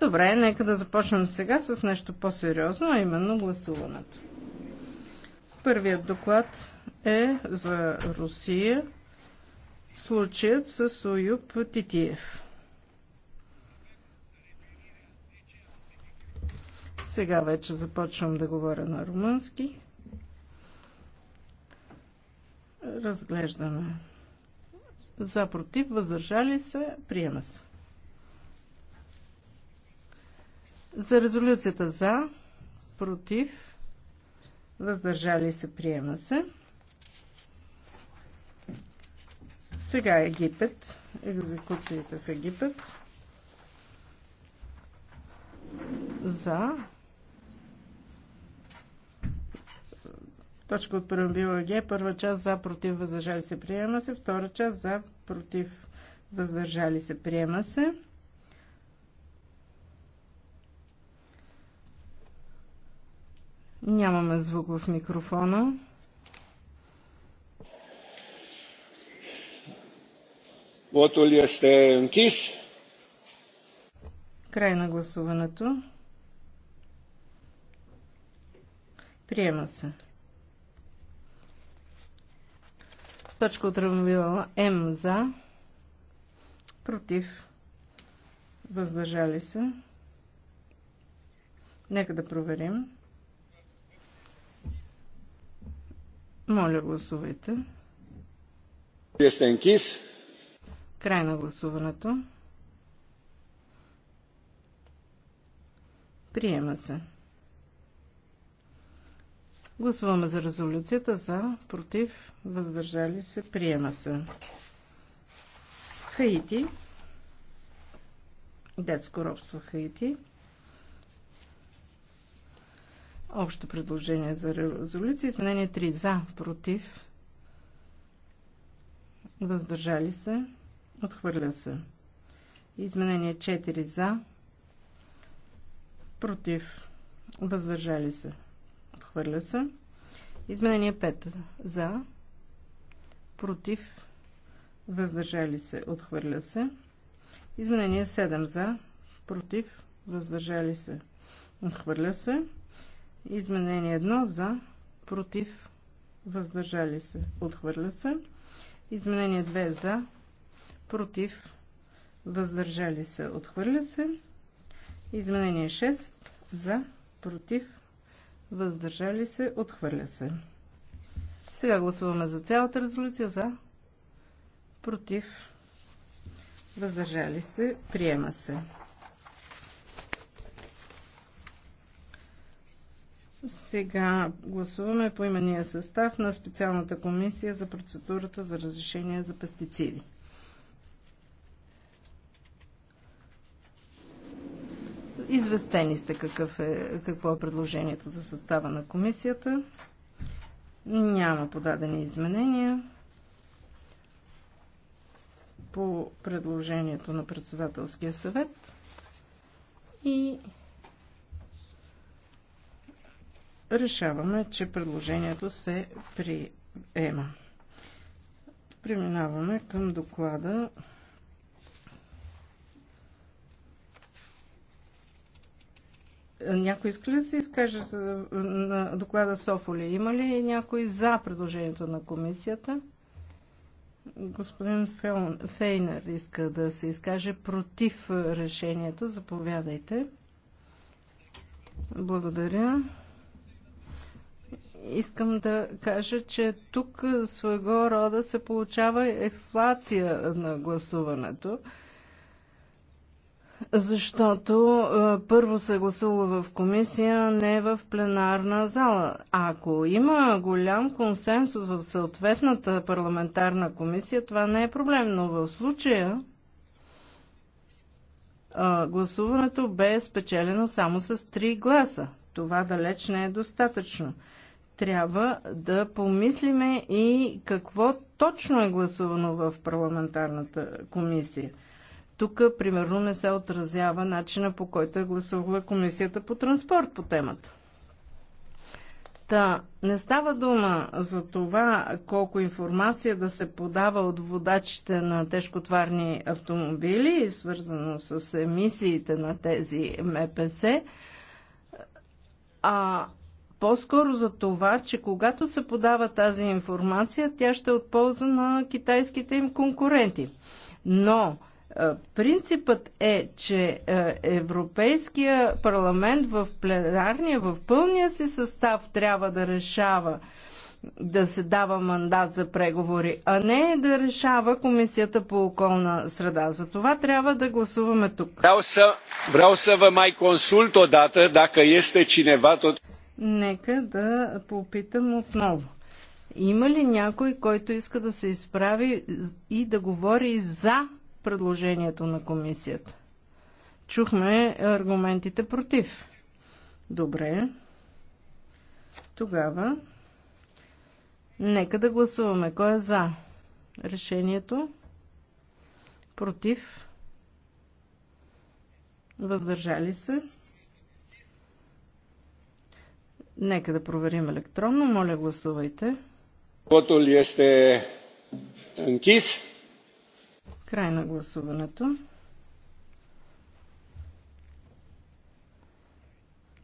Добре, нека да започнем сега с нещо по-сериозно, а именно гласуването. Първият доклад е за Русия, случаят с Уюб Титиев. Сега вече започвам да говоря на румънски. Разглеждаме. За против, въздържали се, приема се. За резолюцията за, против, въздържали се, приема се. Сега Египет, екзекуциите в Египет. За. Точка от преамбила Г. Първа част за, против, въздържали се, приема се. Втора част за, против, въздържали се, приема се. Нямаме звук в микрофона. Votul сте închis. Край на гласуването. Приема се. Точка от равновивала М за. Против. Въздържали се. Нека да проверим. Моля, гласувайте. Este Край на гласуването. Приема се. Гласуваме за резолюцията за, против, въздържали се, приема се. Хаити. Детско робство Хаити. Общо предложение за резолюция. Изменение 3 за, против, въздържали се, отхвърля се. Изменение 4 за, против, въздържали се, отхвърля се. Изменение 5 за, против, въздържали се, отхвърля се. Изменение 7 за, против, въздържали се, отхвърля се. Изменение 1 за, против, въздържали се, отхвърля се. Изменение 2 за, против, въздържали се, отхвърля се. Изменение 6 за, против, въздържали се, отхвърля се. Сега гласуваме за цялата резолюция за, против, въздържали се, приема се. Сега гласуваме по имения състав на специалната комисия за процедурата за разрешение за пестициди. Известени сте какъв е, какво е предложението за състава на комисията. Няма подадени изменения по предложението на председателския съвет и решаваме, че предложението се приема. Преминаваме към доклада Някой иска ли да се изкаже на доклада Софоли? Има ли някой за предложението на комисията? Господин Фейнер иска да се изкаже против решението. Заповядайте. Благодаря искам да кажа, че тук своего рода се получава ефлация на гласуването, защото първо се гласува в комисия, не в пленарна зала. Ако има голям консенсус в съответната парламентарна комисия, това не е проблем, но в случая гласуването бе спечелено само с 3 гласа. Това далеч не е достатъчно трябва да помислиме и какво точно е гласувано в парламентарната комисия. Тук, примерно, не се отразява начина по който е гласувала комисията по транспорт по темата. Та, не става дума за това колко информация да се подава от водачите на тежкотварни автомобили, свързано с емисиите на тези МПС, а по-скоро за това, че когато се подава тази информация, тя ще е от полза на китайските им конкуренти. Но е, Принципът е, че е, Европейския парламент в пленарния, в пълния си състав трябва да решава да се дава мандат за преговори, а не да решава Комисията по околна среда. За това трябва да гласуваме тук. Vreau să, vreau să vă mai consult odată dacă este cineva tot нека да попитам отново. Има ли някой, който иска да се изправи и да говори за предложението на комисията? Чухме аргументите против. Добре. Тогава нека да гласуваме. Кой е за решението? Против? Въздържали се? Нека да проверим електронно. Моля, гласувайте. Вотul сте анкис. Край на гласуването.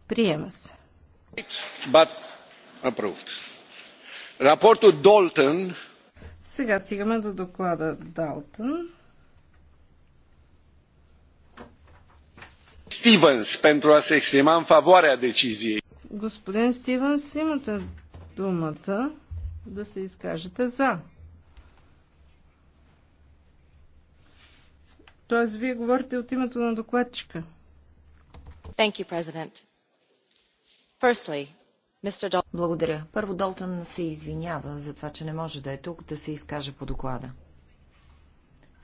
Приема се. But approved. Рапортът Долтън. Сега стигаме до доклада Далтън. Stevens pentru a se exprima în favoarea deciziei. Господин Стивенс, имате думата да се изкажете за. Тоест, вие говорите от името на докладчика. Thank you, President. Firstly, Mr. Благодаря. Първо Долтън се извинява за това, че не може да е тук да се изкаже по доклада.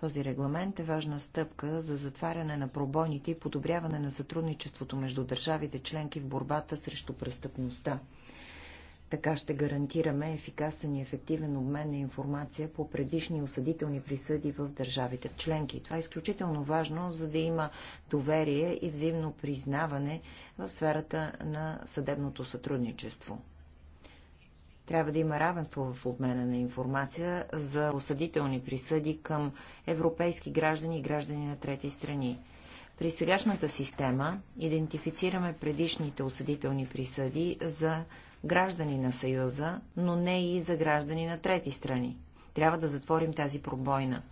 Този регламент е важна стъпка за затваряне на пробойните и подобряване на сътрудничеството между държавите членки в борбата срещу престъпността. Така ще гарантираме ефикасен и ефективен обмен на информация по предишни осъдителни присъди в държавите членки. Това е изключително важно, за да има доверие и взаимно признаване в сферата на съдебното сътрудничество. Трябва да има равенство в обмена на информация за осъдителни присъди към европейски граждани и граждани на трети страни. При сегашната система идентифицираме предишните осъдителни присъди за граждани на Съюза, но не и за граждани на трети страни. Трябва да затворим тази пробойна.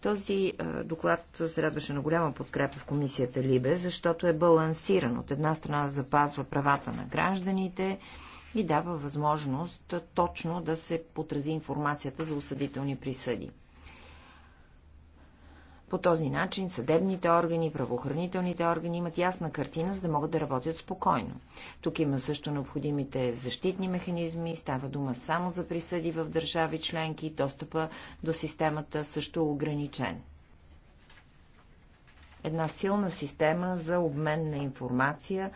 Този е, доклад се радваше на голяма подкрепа в комисията Либе, защото е балансиран. От една страна запазва правата на гражданите, и дава възможност точно да се потрази информацията за осъдителни присъди. По този начин съдебните органи, правоохранителните органи имат ясна картина, за да могат да работят спокойно. Тук има също необходимите защитни механизми, става дума само за присъди в държави членки, достъпа до системата също е ограничен. Една силна система за обмен на информация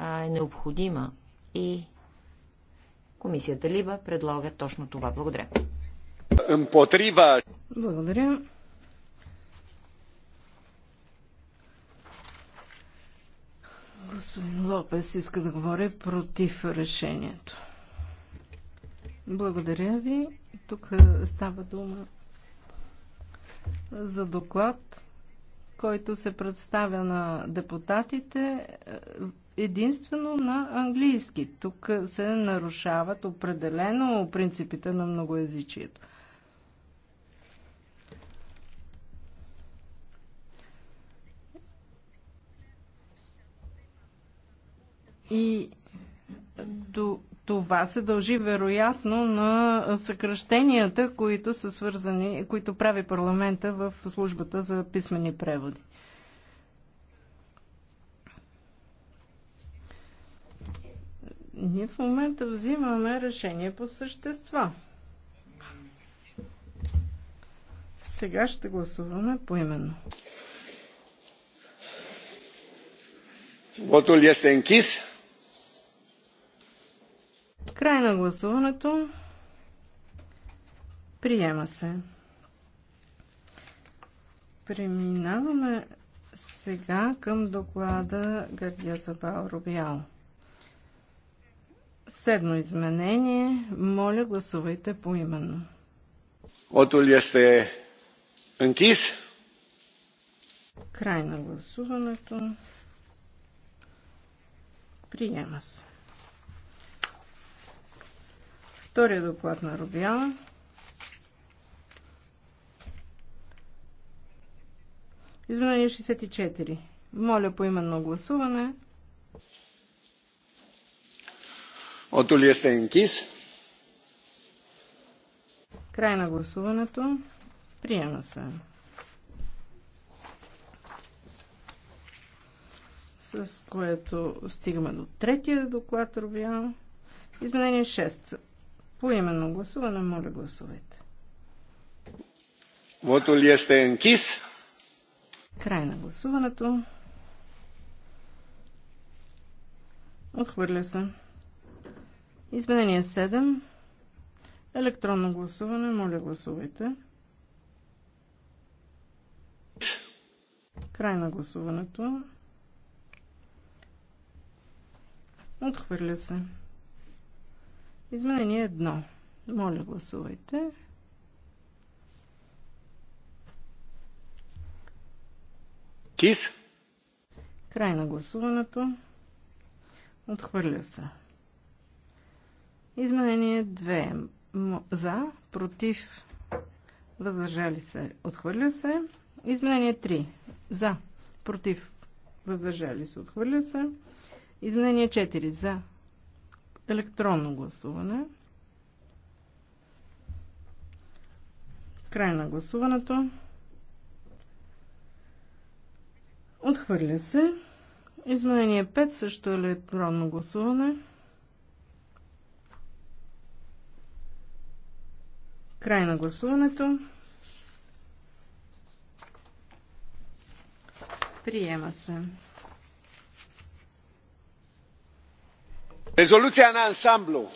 е необходима и Комисията Либа предлага точно това. Благодаря. Împotriva. Благодаря. Господин Лопес иска да говори против решението. Благодаря ви. Тук е, става дума за доклад, който се представя на депутатите е, единствено на английски. Тук се нарушават определено принципите на многоязичието. И това се дължи вероятно на съкръщенията, които са свързани, които прави парламента в службата за писмени преводи. Ние в момента взимаме решение по същество. Сега ще гласуваме поименно. именно. este închis. Край на гласуването. Приема се. Преминаваме сега към доклада Гардия Забал Рубиал. Седмо изменение. Моля, гласувайте поименно. Отул сте închis. Край на гласуването. Приема се. Втория доклад на Рубян. Изменение 64. Моля по именно гласуване. Отоли este Край на гласуването. Приема се. С което стигаме до третия доклад, Рубиан. Изменение 6. Поименно гласуване, моля гласувайте. Вотул este închis. Край на гласуването. Отхвърля се. Изменение 7. Електронно гласуване. Моля, гласувайте. Край на гласуването. Отхвърля се. Изменение 1. Моля, гласувайте. Кис. Край на гласуването. Отхвърля се. Изменение 2 за, против, въздържали се, отхвърля се. Изменение 3 за, против, въздържали се, отхвърля се. Изменение 4 за електронно гласуване. Край на гласуването. Отхвърля се. Изменение 5 също електронно гласуване. Край на гласуването. Приема се. Резолюция на ансамбло.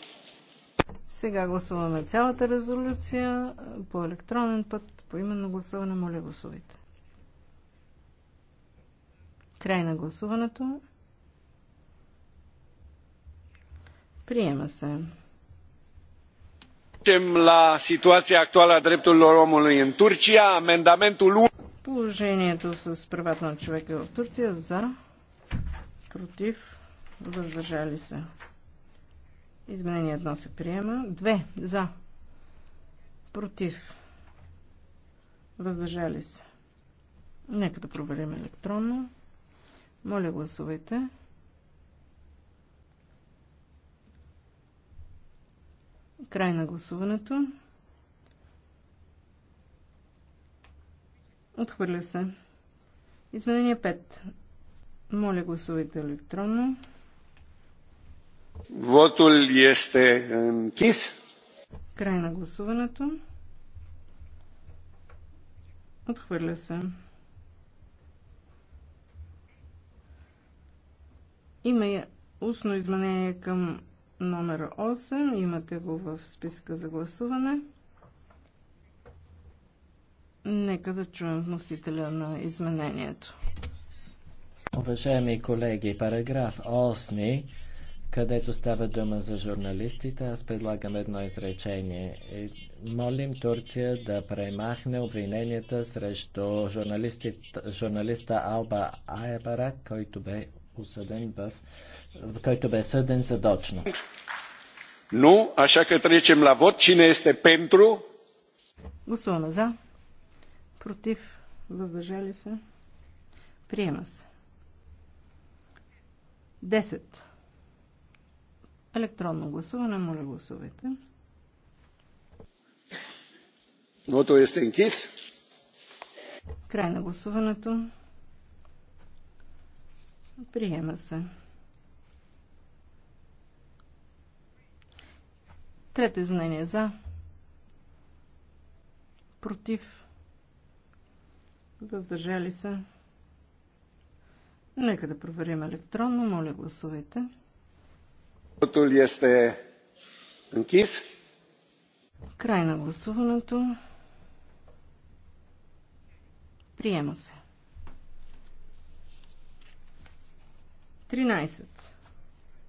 Сега гласуваме цялата резолюция по електронен път, по именно гласуване. Моля, гласувайте. Край на гласуването. Приема се. Trecem la situația actuală a drepturilor omului în Turcia. Amendamentul 1. Положението с правата на човека в Турция за, против, въздържали се. Изменение се приема. 2. за, против, въздържали се. Нека да проверим електронно. Моля, гласувайте. Край на гласуването. Отхвърля се. Изменение 5. Моля, гласувайте електронно. Вотул есте е, кис. Край на гласуването. Отхвърля се. Има устно изменение към номер 8. Имате го в списка за гласуване. Нека да чуем вносителя на изменението. Уважаеми колеги, параграф 8, където става дума за журналистите, аз предлагам едно изречение. Е, молим Турция да премахне обвиненията срещу журналиста Алба Айбарак, който бе осъден в... който бе съден задочно. Ну, așa că trecem la че не сте пентру. Гласуваме за. Против. Въздържали се. Приема се. 10. Електронно гласуване. Моля гласувайте. Вото е стенкис. Край на гласуването. Приема се. Трето изменение за. Против. Въздържали се. Нека да проверим електронно. Моля, гласувайте. Готови ли сте Анкис? Край на гласуването. Приема се. 13.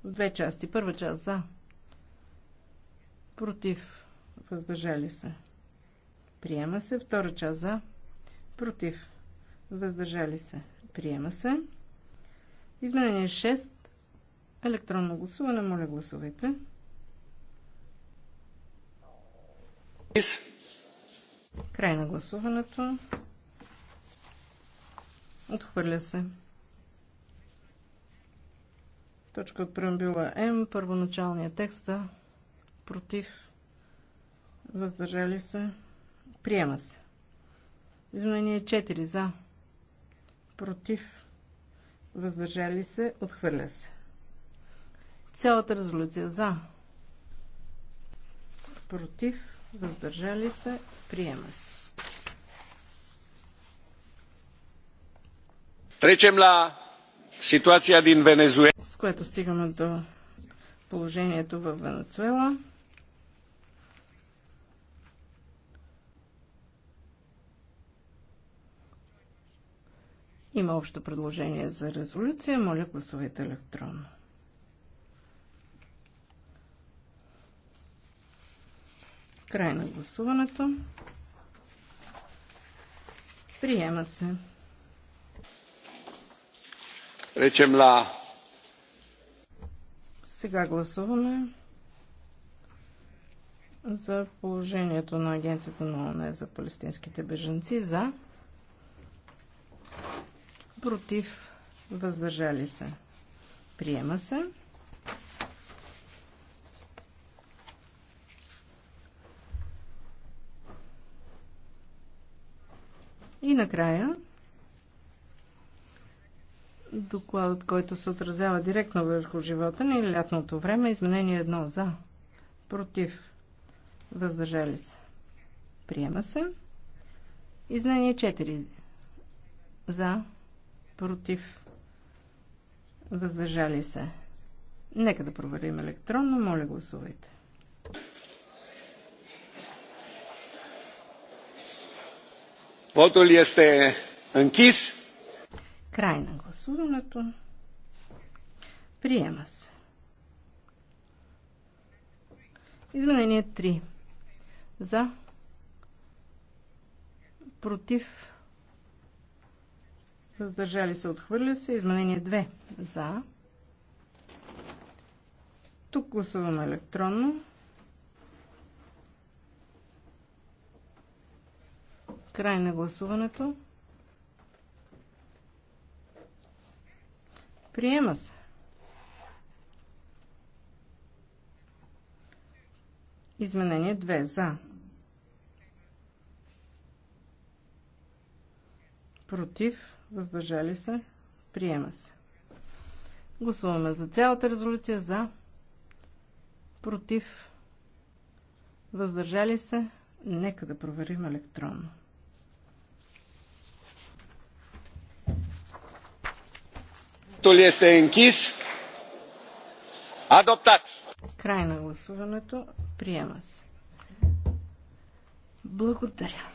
Две части. Първа част за. Против. Въздържали се. Приема се. Втора част за. Против. Въздържали се. Приема се. Изменение 6. Електронно гласуване. Моля гласувайте. Край на гласуването. Отхвърля се. Точка от преамбюла М, първоначалния текст против, въздържали се, приема се. Изменение 4 за против, въздържали се, отхвърля се. Цялата резолюция за против, въздържали се, приема се. Trecem la Ситуация С което стигаме до положението в Венецуела. Има общо предложение за резолюция. Моля, гласувайте електронно. Край на гласуването. Приема се. Речем ла. Сега гласуваме за положението на Агенцията на ОНЕ за палестинските беженци за против въздържали се. Приема се. И накрая Докладът, който се отразява директно върху живота ни, лятното време, изменение едно за, против, въздържали се. Приема се. Изменение 4 за, против, въздържали се. Нека да проверим електронно. Моля, гласувайте. ли е сте închis. Край на гласуването. Приема се. Изменение 3. За. Против. Въздържали се. Отхвърля се. Изменение 2. За. Тук гласуваме електронно. Край на гласуването. Приема се. Изменение 2 за. Против. Въздържали се. Приема се. Гласуваме за цялата резолюция за. Против. Въздържали се. Нека да проверим електронно. Votul este închis. Adoptat. Край на гласуването. Приема се. Благодаря.